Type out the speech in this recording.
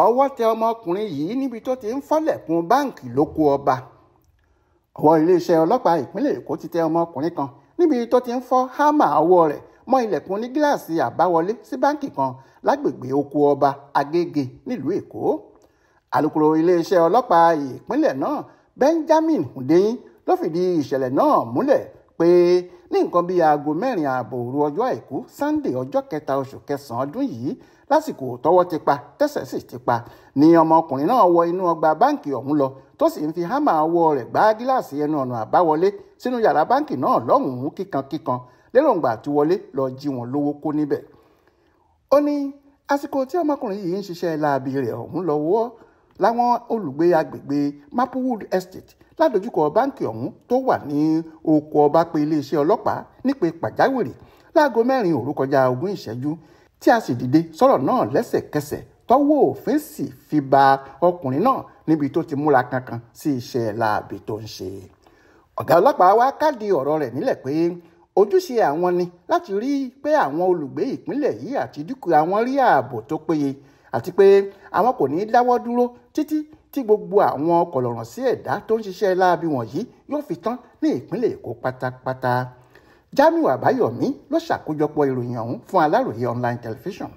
ọwọ́ tẹ ọmọkùnrin yìí níbi tó ti ń fọ́lẹ̀kùn báǹkì lóko ọba ọwọ́ iléeṣẹ́ ọlọ́pàá ìpínlẹ̀ èkó ti tẹ ọmọkùnrin kan níbi tó ti ń fọ́ hámà ọwọ́ rẹ̀ mọ́ ilẹ̀kùn ní gíláàsì àbáwọlé sí báǹkì kan lágbègbè oko ọba agége nílùú èkó alukoro iléeṣẹ́ ọlọ́pàá ìpínlẹ̀ náà benjamin hundeyin ló fìdí ìṣẹ̀lẹ̀ náà múlẹ̀ pé ní nǹkan bíi aago mẹ́rin ààbò òru ọjọ́ àìkú Sunday ọjọ́ kẹta oṣù kẹsàn-án ọdún yìí lásìkò tọwọ́ ti pa tẹ́sẹ̀ sì ti pa ni ọmọkùnrin náà wọ inú ọgbà báǹkì ọ̀hún lọ tó sì ń fi hámà ọwọ́ rẹ̀ gbá gíláàsì ẹnu ọ̀nà àbáwọlé sínú yàrá báǹkì náà lọ́hùn-ún kíkankíkan léròǹgbà àti wọlé lọ jí wọn lówó kó níbẹ̀. ó ní àsìkò tí ọmọkùnrin yìí ń ṣiṣẹ́ láabi rẹ̀ ọ̀hún lọ́wọ́ láwọn olùgbé agbègbè Maplewood Estate ládojúkọ báǹkì ọ̀hún tó wà ní oko ọba pé iléeṣẹ́ ọlọ́pàá nípe pàjáwìrì láago mẹ́rin òru kọjá ogún ìṣẹ́jú tí a sì dìde sọ̀rọ̀ náà lẹ́sẹ̀kẹsẹ̀ tọ́wọ́ òfin sì fi ba ọkùnrin náà níbi tó ti múra kankan sí iṣẹ́ láabi tó ń ṣe. ọ̀gá ọlọ́pàá wá kádìí ọ̀rọ̀ rẹ̀ nílẹ̀ pé ojúṣe àwọn ni láti rí pé àwọn olùgbé ìpínlẹ̀ yìí àti dúkìá wọn rí ààbò tó péye àti pé àwọn kò ní í dáwọ́ dúró títí tí gbogbo àwọn kọ̀lọ̀rọ̀ sí ẹ̀dá tó ń ṣiṣẹ́ láabi wọ̀nyí yóò fi tán ní ìpínlẹ̀ Èkó pátápátá Jamiu Àbáyọ̀mí ló ṣàkójọpọ̀ ìròyìn ọ̀hún fún Aláròye online television.